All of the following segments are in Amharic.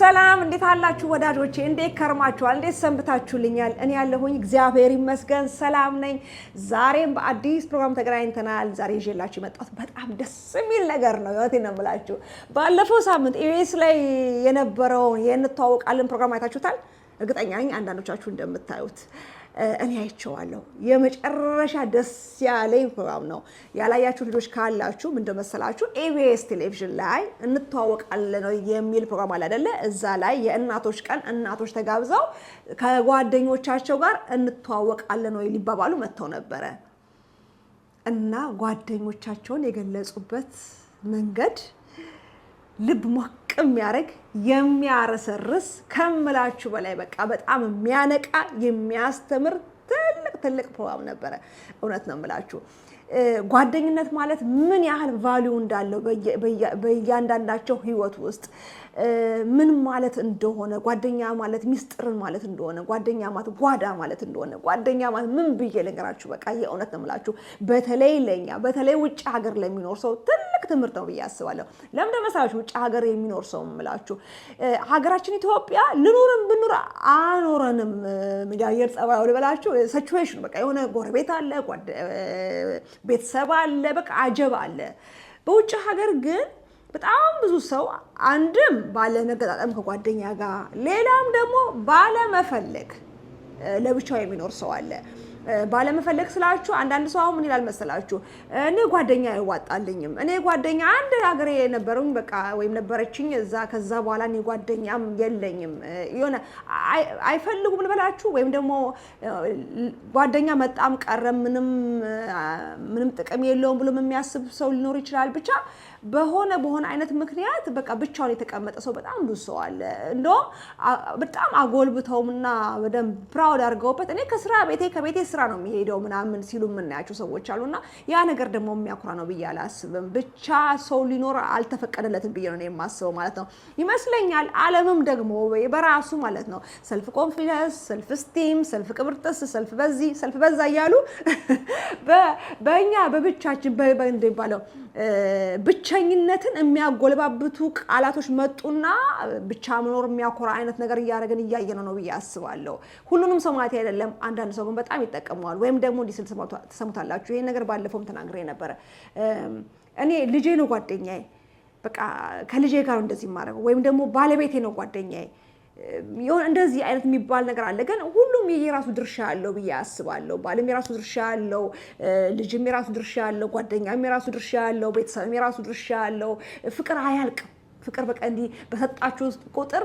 ሰላም እንዴት አላችሁ ወዳጆቼ? እንዴት ከርማችኋል? እንዴት ሰንብታችሁልኛል? እኔ ያለሁኝ እግዚአብሔር ይመስገን ሰላም ነኝ። ዛሬም በአዲስ ፕሮግራም ተገናኝተናል። ዛሬ ይዤላችሁ የመጣሁት በጣም ደስ የሚል ነገር ነው። እውነቴን ነው የምላችሁ። ባለፈው ሳምንት ኢቢኤስ ላይ የነበረውን የእንተዋወቃለን ፕሮግራም አይታችሁታል? እርግጠኛ ነኝ አንዳንዶቻችሁ እንደምታዩት እኔ አይቼዋለሁ። የመጨረሻ ደስ ያለኝ ፕሮግራም ነው። ያላያችሁ ልጆች ካላችሁ ምንድን መሰላችሁ ኤቢኤስ ቴሌቪዥን ላይ እንተዋወቃለን የሚል ፕሮግራም አለ አይደለ? እዛ ላይ የእናቶች ቀን እናቶች ተጋብዘው ከጓደኞቻቸው ጋር እንተዋወቃለን ወይ ሊባባሉ መጥተው ነበረ እና ጓደኞቻቸውን የገለጹበት መንገድ ልብ ሞቅ የሚያደርግ የሚያረሰርስ ከምላችሁ በላይ በቃ በጣም የሚያነቃ የሚያስተምር ትልቅ ትልቅ ፕሮግራም ነበረ። እውነት ነው የምላችሁ ጓደኝነት ማለት ምን ያህል ቫሊዩ እንዳለው በእያንዳንዳቸው ህይወት ውስጥ ምን ማለት እንደሆነ ጓደኛ ማለት ሚስጥርን ማለት እንደሆነ ጓደኛ ማለት ጓዳ ማለት እንደሆነ ጓደኛ ማለት ምን ብዬ ልንገራችሁ። በቃ የእውነት ነው የምላችሁ በተለይ ለእኛ በተለይ ውጭ ሀገር ለሚኖር ሰው ትልቅ ትምህርት ነው ብዬ አስባለሁ። ለምን መሰላችሁ? ውጭ ሀገር የሚኖር ሰው የምላችሁ ሀገራችን ኢትዮጵያ ልኑርም ብኑር አኖረንም የአየር ጸባዩ ልበላችሁ ሰቹዌሽን በቃ የሆነ ጎረቤት አለ፣ ቤተሰብ አለ፣ በቃ አጀብ አለ። በውጭ ሀገር ግን በጣም ብዙ ሰው አንድም መገጣጠም ከጓደኛ ጋር ሌላም ደግሞ ባለመፈለግ ለብቻው የሚኖር ሰው አለ። ባለመፈለግ ስላችሁ አንዳንድ ሰው አሁን ምን ይላል መሰላችሁ፣ እኔ ጓደኛ አይዋጣልኝም። እኔ ጓደኛ አንድ ሀገር የነበረኝ በቃ ወይም ነበረችኝ እዛ፣ ከዛ በኋላ እኔ ጓደኛም የለኝም። የሆነ አይፈልጉም ልበላችሁ፣ ወይም ደግሞ ጓደኛ መጣም ቀረ ምንም ምንም ጥቅም የለውም ብሎ የሚያስብ ሰው ሊኖር ይችላል ብቻ በሆነ በሆነ አይነት ምክንያት በቃ ብቻውን የተቀመጠ ሰው በጣም ብዙ ሰው አለ። እንደውም በጣም አጎልብተውምና በደንብ ፕራውድ አድርገውበት እኔ ከስራ ቤቴ ከቤቴ ስራ ነው የሚሄደው ምናምን ሲሉ የምናያቸው ሰዎች አሉና ያ ነገር ደግሞ የሚያኩራ ነው ብዬ አላስብም። ብቻ ሰው ሊኖር አልተፈቀደለትም ብዬ ነው የማስበው ማለት ነው ይመስለኛል። አለምም ደግሞ በራሱ ማለት ነው ሰልፍ ኮንፊደንስ፣ ሰልፍ ስቲም፣ ሰልፍ ቅብርጥስ፣ ሰልፍ በዚህ ሰልፍ በዛ እያሉ በእኛ በብቻችን ባለው ብቻ ብቸኝነትን የሚያጎልባብቱ ቃላቶች መጡና ብቻ መኖር የሚያኮራ አይነት ነገር እያደረግን እያየ ነው ብዬ አስባለሁ። ሁሉንም ሰው ማለት አይደለም። አንዳንድ ሰው ግን በጣም ይጠቀመዋል። ወይም ደግሞ እንዲህ ስል ትሰሙታላችሁ። ይህን ነገር ባለፈውም ተናግሬ ነበረ። እኔ ልጄ ነው ጓደኛዬ፣ በቃ ከልጄ ጋር እንደዚህ ማድረግ ወይም ደግሞ ባለቤቴ ነው ጓደኛዬ የሆነ እንደዚህ አይነት የሚባል ነገር አለ። ግን ሁሉም የራሱ ድርሻ አለው ብዬ አስባለሁ። ባልም የራሱ ድርሻ አለው፣ ልጅም የራሱ ድርሻ አለው፣ ጓደኛም የራሱ ድርሻ አለው፣ ቤተሰብም የራሱ ድርሻ አለው። ፍቅር አያልቅም። ፍቅር በቃ እንዲህ በሰጣችሁ ቁጥር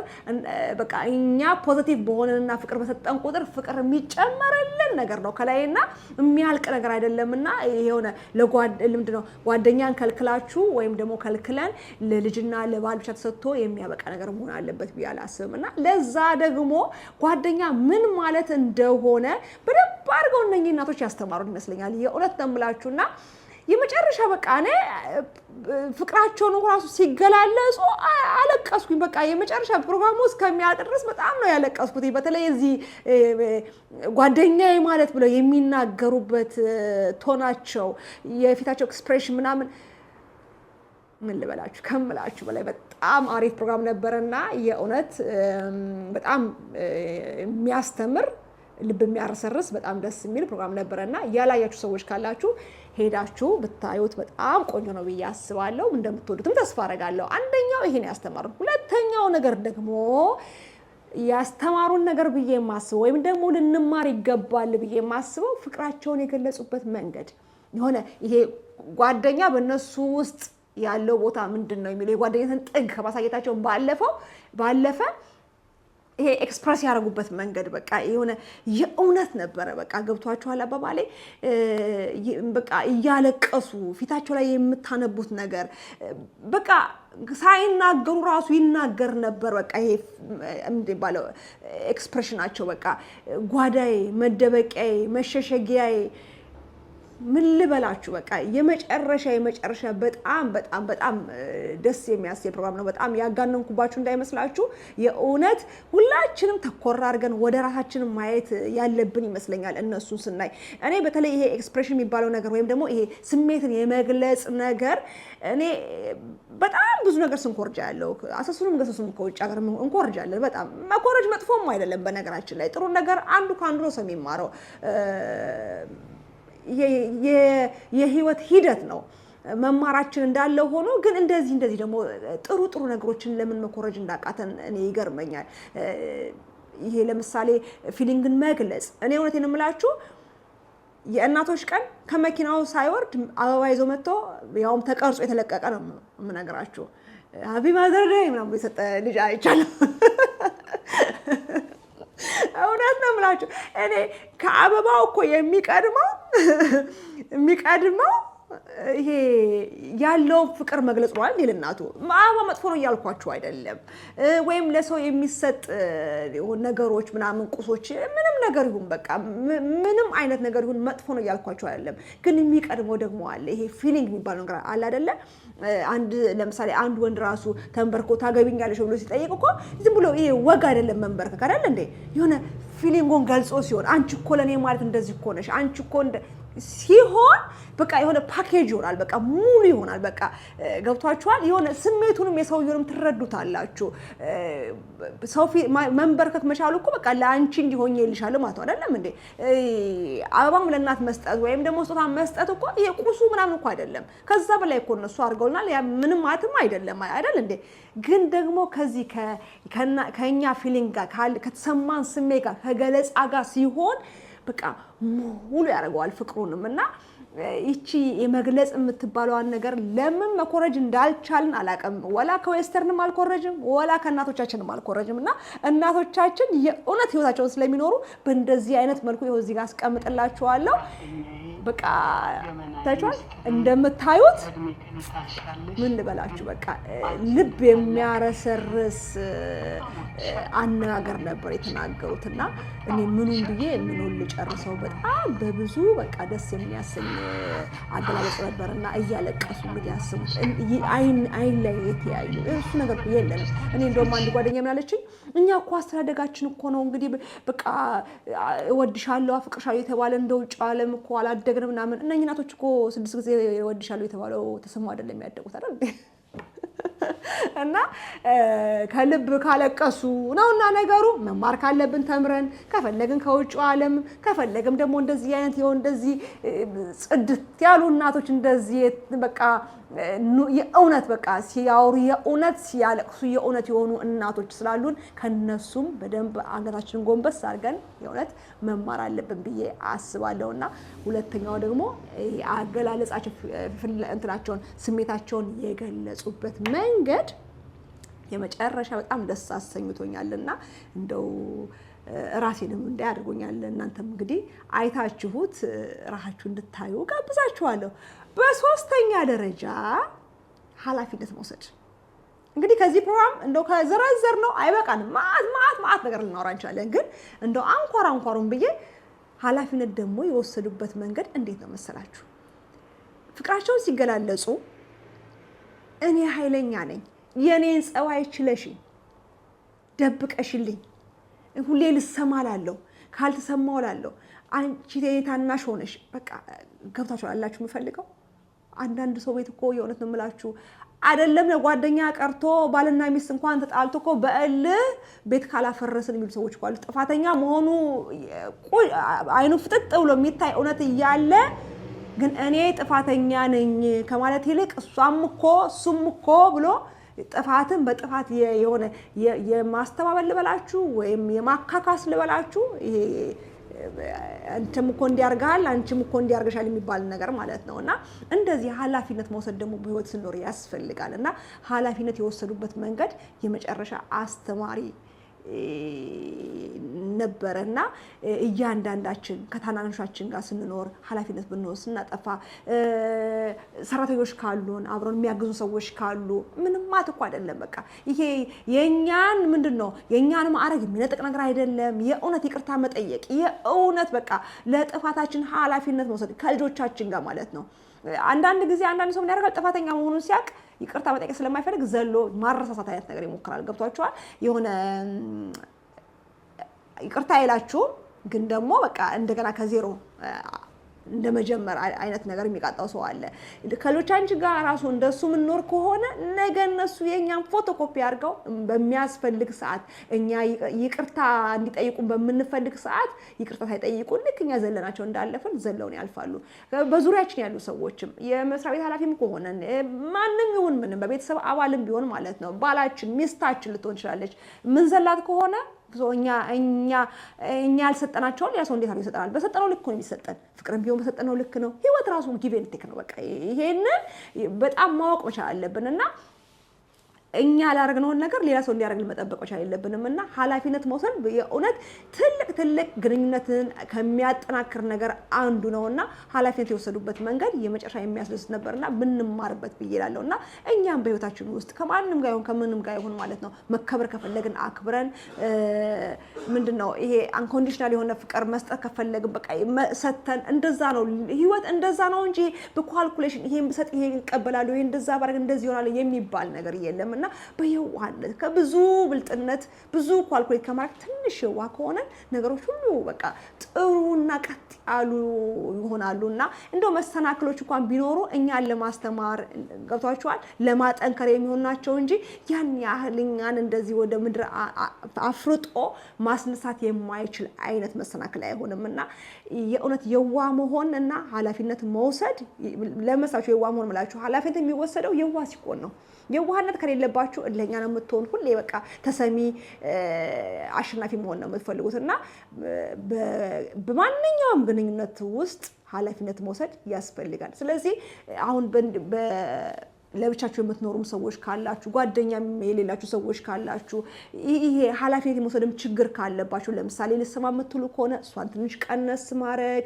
በቃ እኛ ፖዘቲቭ በሆነንና ፍቅር በሰጠን ቁጥር ፍቅር የሚጨመርልን ነገር ነው ከላይና የሚያልቅ ነገር አይደለምና የሆነ ልምድ ነው ጓደኛን ከልክላችሁ ወይም ደግሞ ከልክለን ለልጅና ለባል ብቻ ተሰጥቶ የሚያበቃ ነገር መሆን አለበት ብዬ አላስብም። እና ለዛ ደግሞ ጓደኛ ምን ማለት እንደሆነ በደንብ አድርገው እነኚህ እናቶች ያስተማሩን ይመስለኛል። የእውነት ነው የመጨረሻ በቃ እኔ ፍቅራቸውን ራሱ ሲገላለጹ አለቀስኩኝ። በቃ የመጨረሻ ፕሮግራሙ እስከሚያልቅ ድረስ በጣም ነው ያለቀስኩት። በተለይ እዚህ ጓደኛዬ ማለት ብለው የሚናገሩበት ቶናቸው፣ የፊታቸው ኤክስፕሬሽን ምናምን ምን ልበላችሁ ከምላችሁ በላይ በጣም አሪፍ ፕሮግራም ነበረና የእውነት በጣም የሚያስተምር ልብ የሚያረሰርስ በጣም ደስ የሚል ፕሮግራም ነበረ ነበረና ያላያችሁ ሰዎች ካላችሁ ሄዳችሁ ብታዩት በጣም ቆንጆ ነው ብዬ አስባለሁ። እንደምትወዱትም ተስፋ አረጋለሁ። አንደኛው ይሄን ያስተማሩ፣ ሁለተኛው ነገር ደግሞ ያስተማሩን ነገር ብዬ የማስበው ወይም ደግሞ ልንማር ይገባል ብዬ የማስበው ፍቅራቸውን የገለጹበት መንገድ የሆነ ይሄ ጓደኛ በእነሱ ውስጥ ያለው ቦታ ምንድን ነው የሚለው የጓደኝነትን ጥግ ከማሳየታቸውን ባለፈው ባለፈ ይሄ ኤክስፕረስ ያደረጉበት መንገድ በቃ የሆነ የእውነት ነበረ። በቃ ገብቷችኋል አባባሌ። በቃ እያለቀሱ ፊታቸው ላይ የምታነቡት ነገር በቃ ሳይናገሩ ራሱ ይናገር ነበር። በቃ ይሄ የሚባለው ኤክስፕሬሽናቸው በቃ ጓዳዬ፣ መደበቂያዬ፣ መሸሸጊያዬ ምን ልበላችሁ በቃ የመጨረሻ የመጨረሻ በጣም በጣም በጣም ደስ የሚያስ ፕሮግራም ነው። በጣም ያጋነንኩባችሁ እንዳይመስላችሁ የእውነት ሁላችንም ተኮራ አድርገን ወደ ራሳችንም ማየት ያለብን ይመስለኛል እነሱን ስናይ። እኔ በተለይ ይሄ ኤክስፕሬሽን የሚባለው ነገር ወይም ደግሞ ይሄ ስሜትን የመግለጽ ነገር እኔ በጣም ብዙ ነገር ስንኮርጃ ያለው አሰሱንም ገሰሱም ከውጭ ሀገር እንኮርጃለን። በጣም መኮረጅ መጥፎም አይደለም በነገራችን ላይ ጥሩ ነገር አንዱ ከአንዱ ነው ሰው የሚማረው የህይወት ሂደት ነው። መማራችን እንዳለ ሆኖ ግን እንደዚህ እንደዚህ ደግሞ ጥሩ ጥሩ ነገሮችን ለምን መኮረጅ እንዳቃተን እኔ ይገርመኛል። ይሄ ለምሳሌ ፊሊንግን መግለጽ እኔ እውነት የምላችሁ የእናቶች ቀን ከመኪናው ሳይወርድ አበባ ይዞ መጥቶ ያውም ተቀርጾ የተለቀቀ ነው የምነግራችሁ። ሀፒ ማዘር ደይ ምናምን የሰጠ ልጅ አይቻልም። እውነት ነው የምላቸው እኔ ከአበባው እኮ የሚቀድመው የሚቀድመው ይሄ ያለውን ፍቅር መግለጽ ነው አይደል? እናቱ አበባ መጥፎ ነው እያልኳቸው አይደለም። ወይም ለሰው የሚሰጥ ነገሮች ምናምን ቁሶች፣ ምንም ነገር ይሁን በቃ ምንም አይነት ነገር ይሁን መጥፎ ነው እያልኳቸው አይደለም። ግን የሚቀድመው ደግሞ አለ። ይሄ ፊሊንግ የሚባለው ነገር አለ አይደለ? አንድ ለምሳሌ አንድ ወንድ ራሱ ተንበርኮ ታገቢኛለሽ ብሎ ሲጠይቅ እኮ ዝም ብሎ ይሄ ወግ አይደለም መንበርከክ አይደል እንዴ? የሆነ ፊሊንጎን ገልጾ ሲሆን አንቺ እኮ ለእኔ ማለት እንደዚህ እኮ ነሽ አንቺ እኮ ሲሆን በቃ የሆነ ፓኬጅ ይሆናል። በቃ ሙሉ ይሆናል። በቃ ገብቷችኋል። የሆነ ስሜቱንም የሰውየውንም ትረዱታላችሁ። ሰው መንበርከክ መቻሉ እኮ በቃ ለአንቺ እንዲሆኝ ይልሻል ማለት አይደለም እንዴ? አበባም ለእናት መስጠት ወይም ደግሞ ስጦታ መስጠት እኮ ይሄ ቁሱ ምናምን እኮ አይደለም። ከዛ በላይ እኮ እነሱ አድርገውናል። ያ ምንም ማለትም አይደለም አይደል እንዴ? ግን ደግሞ ከዚህ ከእኛ ፊሊንግ ጋር ከተሰማን ስሜት ጋር ከገለጻ ጋር ሲሆን በቃ ሙሉ ያደርገዋል ፍቅሩንም እና ይቺ የመግለጽ የምትባለዋን ነገር ለምን መኮረጅ እንዳልቻልን አላውቅም። ወላ ከዌስተርንም አልኮረጅም፣ ወላ ከእናቶቻችንም አልኮረጅም። እና እናቶቻችን የእውነት ህይወታቸውን ስለሚኖሩ በእንደዚህ አይነት መልኩ ይኸው እዚህ ጋር አስቀምጥላችኋለሁ። በቃ ታይቷል። እንደምታዩት ምን ልበላችሁ፣ በቃ ልብ የሚያረሰርስ አነጋገር ነበር የተናገሩትና እኔ ምኑን ብዬ ምኑን ልጨርሰው። በጣም በብዙ በቃ ደስ የሚያሰኝ አገላለጽ ነበር እና እያለቀሱ እንግዲህ አስቡት፣ አይን ላይ የተያዩ እሱ ነገር የለም። እኔ እንደውም አንድ ጓደኛ ምናለችኝ፣ እኛ እኮ አስተዳደጋችን እኮ ነው እንግዲህ በቃ እወድሻለሁ፣ አፍቅርሻለሁ የተባለ እንደ ውጭ ዓለም እኮ አላደግንም ምናምን። እነኝህ እናቶች እኮ ስድስት ጊዜ እወድሻለሁ የተባለው ተሰማ አይደለም የሚያደጉት አይደል? እና ከልብ ካለቀሱ ነውና ነገሩ መማር ካለብን ተምረን ከፈለግን ከውጭ ዓለም ከፈለግም ደግሞ እንደዚህ አይነት የሆን እንደዚህ ጽድት ያሉ እናቶች እንደዚህ በቃ የእውነት በቃ ሲያወሩ የእውነት ሲያለቅሱ የእውነት የሆኑ እናቶች ስላሉን ከነሱም በደንብ አንገታችንን ጎንበስ አድርገን የእውነት መማር አለብን ብዬ አስባለሁ። እና ሁለተኛው ደግሞ አገላለጻቸው እንትናቸውን ስሜታቸውን የገለጹበት መንገድ የመጨረሻ በጣም ደስ አሰኝቶኛልና እንደው ራሴንም እንዳይ አድርጎኛል። እናንተም እንግዲህ አይታችሁት ራሳችሁ እንድታዩ ጋብዛችኋለሁ። በሶስተኛ ደረጃ ኃላፊነት መውሰድ እንግዲህ ከዚህ ፕሮግራም እንደው ከዘረዘር ነው አይበቃንም። ማት ማት ማት ነገር ልናወራ እንችላለን፣ ግን እንደው አንኳር አንኳሩን ብዬ ኃላፊነት ደግሞ የወሰዱበት መንገድ እንዴት ነው መሰላችሁ? ፍቅራቸውን ሲገላለጹ እኔ ኃይለኛ ነኝ፣ የእኔን ጸባይ ችለሽ ደብቀሽልኝ ሁሌ ልሰማ ላለሁ ካልተሰማው ላለሁ አንቺ ታናሽ ሆነሽ በቃ ገብታችሁ አላችሁ የምፈልገው አንዳንድ ሰው ቤት እኮ የእውነት ነው የምላችሁ አይደለም ለጓደኛ ቀርቶ ባልና ሚስት እንኳን ተጣልቶ እኮ በእልህ ቤት ካላፈረስን የሚሉ ሰዎች አሉ። ጥፋተኛ መሆኑ አይኑ ፍጥጥ ብሎ የሚታይ እውነት እያለ ግን እኔ ጥፋተኛ ነኝ ከማለት ይልቅ እሷም እኮ እሱም እኮ ብሎ ጥፋትን በጥፋት የሆነ የማስተባበል ልበላችሁ ወይም የማካካስ ልበላችሁ አንቺም እኮ እንዲያርግሃል አንቺም እኮ እንዲያርግሻል የሚባል ነገር ማለት ነው። እና እንደዚህ ኃላፊነት መውሰድ ደግሞ በህይወት ስንኖር ያስፈልጋል። እና ኃላፊነት የወሰዱበት መንገድ የመጨረሻ አስተማሪ ነበረ እና እያንዳንዳችን ከታናናሾቻችን ጋር ስንኖር ኃላፊነት ብንወስድ ስናጠፋ ሰራተኞች ካሉን አብረን የሚያግዙ ሰዎች ካሉ ምንም ማለት እኮ አይደለም። በቃ ይሄ የእኛን ምንድን ነው የእኛን ማዕረግ የሚነጥቅ ነገር አይደለም። የእውነት ይቅርታ መጠየቅ የእውነት በቃ ለጥፋታችን ኃላፊነት መውሰድ ከልጆቻችን ጋር ማለት ነው። አንዳንድ ጊዜ አንዳንድ ሰው ምን ያደርጋል? ጥፋተኛ መሆኑን ሲያውቅ ይቅርታ መጠየቅ ስለማይፈልግ ዘሎ ማረሳሳት አይነት ነገር ይሞክራል። ገብቷችኋል? የሆነ ይቅርታ አይላችሁም፣ ግን ደግሞ በቃ እንደገና ከዜሮ እንደ መጀመር አይነት ነገር የሚቃጣው ሰው አለ። ከሎቻንች ጋር ራሱ እንደሱ የምንኖር ከሆነ ነገ እነሱ የእኛን ፎቶኮፒ አድርገው በሚያስፈልግ ሰዓት እኛ ይቅርታ እንዲጠይቁን በምንፈልግ ሰዓት ይቅርታ ሳይጠይቁን ልክ እኛ ዘለናቸው እንዳለፍን ዘለውን ያልፋሉ። በዙሪያችን ያሉ ሰዎችም የመስሪያ ቤት ኃላፊም ከሆነ ማንም ይሁን ምንም በቤተሰብ አባልም ቢሆን ማለት ነው ባላችን ሚስታችን ልትሆን ትችላለች። ምንዘላት ከሆነ እኛ እኛ እኛ ያልሰጠናቸውን ያ ሰው እንዴት አድርጎ ይሰጠናል? በሰጠነው ልክ ነው የሚሰጠን። ፍቅርም ቢሆን በሰጠነው ልክ ነው። ህይወት ራሱ ጊቭ ቴክ ነው። በቃ ይሄንን በጣም ማወቅ መቻል አለብን እና እኛ ያላረግነውን ነገር ሌላ ሰው እንዲያደርግ መጠበቅ መቻል የለብንም እና ኃላፊነት መውሰድ የእውነት ትልቅ ትልቅ ግንኙነትን ከሚያጠናክር ነገር አንዱ ነው እና ኃላፊነት የወሰዱበት መንገድ የመጨረሻ የሚያስደስት ነበር ብንማርበት ብዬ እላለሁ እና እኛም በህይወታችን ውስጥ ከማንም ጋር ይሁን ከምንም ጋር ይሁን ማለት ነው መከበር ከፈለግን አክብረን ምንድን ነው ይሄ አንኮንዲሽናል የሆነ ፍቅር መስጠት ከፈለግን በቃ ሰተን እንደዛ ነው ህይወት እንደዛ ነው እንጂ በኳልኩሌሽን ይሄ ሰጥ ይሄ ይቀበላሉ ይሄ እንደዛ ባረግ እንደዚህ ይሆናል የሚባል ነገር የለም። እና በየዋህነት ከብዙ ብልጥነት ብዙ ኳልኩሌት ከማድረግ ትንሽ የዋህ ከሆነ ነገሮች ሁሉ በቃ ጥሩና ቀጥ ያሉ ይሆናሉ። እና እንደው መሰናክሎች እንኳን ቢኖሩ እኛን ለማስተማር ገብቷቸዋል ለማጠንከር የሚሆን ናቸው እንጂ ያን ያህል እኛን እንደዚህ ወደ ምድር አፍርጦ ማስነሳት የማይችል አይነት መሰናክል አይሆንም እና የእውነት የዋ መሆን እና ኃላፊነት መውሰድ ለመሳቸው የዋ መሆን ምላቸው ኃላፊነት የሚወሰደው የዋ ሲቆን ነው። የዋህነት ከሌለ ከሌለባችሁ እለኛ ነው የምትሆን። ሁሌ በቃ ተሰሚ አሸናፊ መሆን ነው የምትፈልጉት እና በማንኛውም ግንኙነት ውስጥ ኃላፊነት መውሰድ ያስፈልጋል። ስለዚህ አሁን ለብቻችሁ የምትኖሩም ሰዎች ካላችሁ፣ ጓደኛ የሌላችሁ ሰዎች ካላችሁ፣ ይሄ ኃላፊነት የመውሰድም ችግር ካለባችሁ፣ ለምሳሌ ልስማ የምትሉ ከሆነ እሷን ትንሽ ቀነስ ማድረግ፣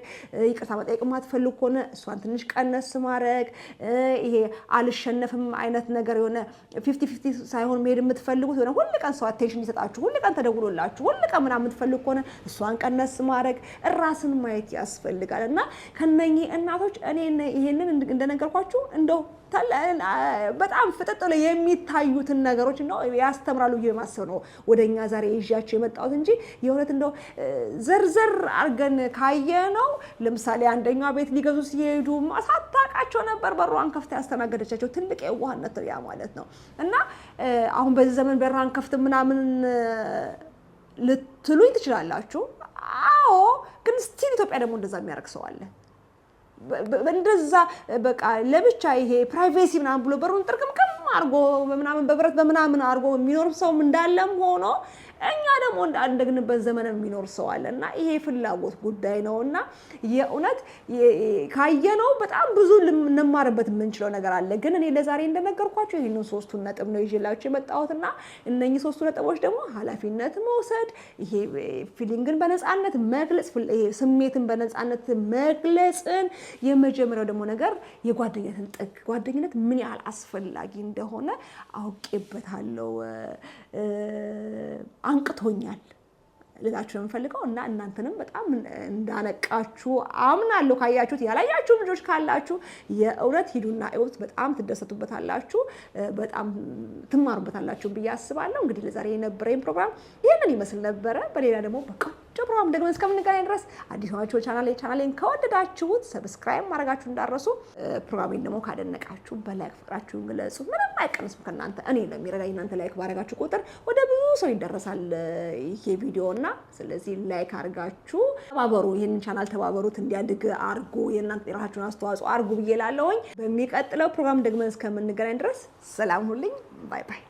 ይቅርታ መጠየቅ የማትፈልጉ ከሆነ እሷን ትንሽ ቀነስ ማድረግ፣ ይሄ አልሸነፍም አይነት ነገር የሆነ ፊፍቲ ፊፍቲ ሳይሆን መሄድ የምትፈልጉት የሆነ ሁል ቀን ሰው አቴንሽን ይሰጣችሁ፣ ሁል ቀን ተደውሎላችሁ፣ ሁል ቀን ምናምን የምትፈልጉ ከሆነ እሷን ቀነስ ማድረግ፣ ራስን ማየት ያስፈልጋል እና ከነኚህ እናቶች እኔ ይሄንን እንደነገርኳችሁ እንደው በጣም ፍጥጥ የሚታዩትን ነገሮች እንደው ያስተምራሉ ብዬ ማሰብ ነው ወደ እኛ ዛሬ ይዣቸው የመጣሁት እንጂ የእውነት እንደው ዘርዘር አድርገን ካየ ነው። ለምሳሌ አንደኛ ቤት ሊገዙ ሲሄዱ ማሳታቃቸው ነበር በሯን ከፍታ ያስተናገደቻቸው ትልቅ የዋህነት ያ ማለት ነው። እና አሁን በዚህ ዘመን በሯን ከፍት ምናምን ልትሉኝ ትችላላችሁ። አዎ ግን ስቲል ኢትዮጵያ ደግሞ እንደዛ የሚያደርግ ሰው አለ። እንደዛ በቃ ለብቻ ይሄ ፕራይቬሲ ምናምን ብሎ በሩን ጥርቅም አርጎ በምናምን በብረት በምናምን አርጎ የሚኖር ሰውም እንዳለም ሆኖ እኛ ደግሞ እንዳደግንበት ዘመን የሚኖር ሰው አለ እና ይሄ ፍላጎት ጉዳይ ነው እና የእውነት ካየነው በጣም ብዙ ልንማርበት የምንችለው ነገር አለ። ግን እኔ ለዛሬ እንደነገርኳቸው ይህንን ሶስቱን ነጥብ ነው ይዤላቸው የመጣሁት እና እነኚህ ሶስቱ ነጥቦች ደግሞ ኃላፊነት መውሰድ፣ ይሄ ፊሊንግን በነፃነት መግለጽ፣ ስሜትን በነፃነት መግለጽን፣ የመጀመሪያው ደግሞ ነገር የጓደኝነትን ጥግ ጓደኝነት ምን ያህል አስፈላጊ እንደ እንደሆነ አውቄበታለሁ። አንቅቶኛል። ልላችሁ የምፈልገው እና እናንተንም በጣም እንዳነቃችሁ አምናለሁ። ካያችሁት ያላያችሁ ልጆች ካላችሁ የእውነት ሂዱና እዩት። በጣም ትደሰቱበታላችሁ፣ በጣም ትማሩበታላችሁ ብዬ አስባለሁ። እንግዲህ ለዛሬ የነበረኝ ፕሮግራም ይህንን ይመስል ነበረ። በሌላ ደግሞ በቀጭ ፕሮግራም ደግሞ እስከምንገናኝ ድረስ አዲስ ናችሁ ቻናሌ ቻናሌን ከወደዳችሁት ሰብስክራይብ ማድረጋችሁ እንዳረሱ። ፕሮግራሜን ደግሞ ካደነቃችሁ በላይክ ፍቅራችሁን ግለጹ። ምንም አይቀንስም ከእናንተ እኔ ነው እናንተ ላይክ ባረጋችሁ ቁጥር ወደ ብዙ ሰው ይደረሳል ይሄ ቪዲዮ እና ስለዚህ ላይክ አድርጋችሁ ተባበሩ፣ ይህንን ቻናል ተባበሩት፣ እንዲያድግ አርጉ የእናንተ የራሳችሁን አስተዋጽኦ አርጉ ብዬ ላለውኝ። በሚቀጥለው ፕሮግራም ደግመን እስከምንገናኝ ድረስ ሰላም ሁልኝ። ባይ ባይ።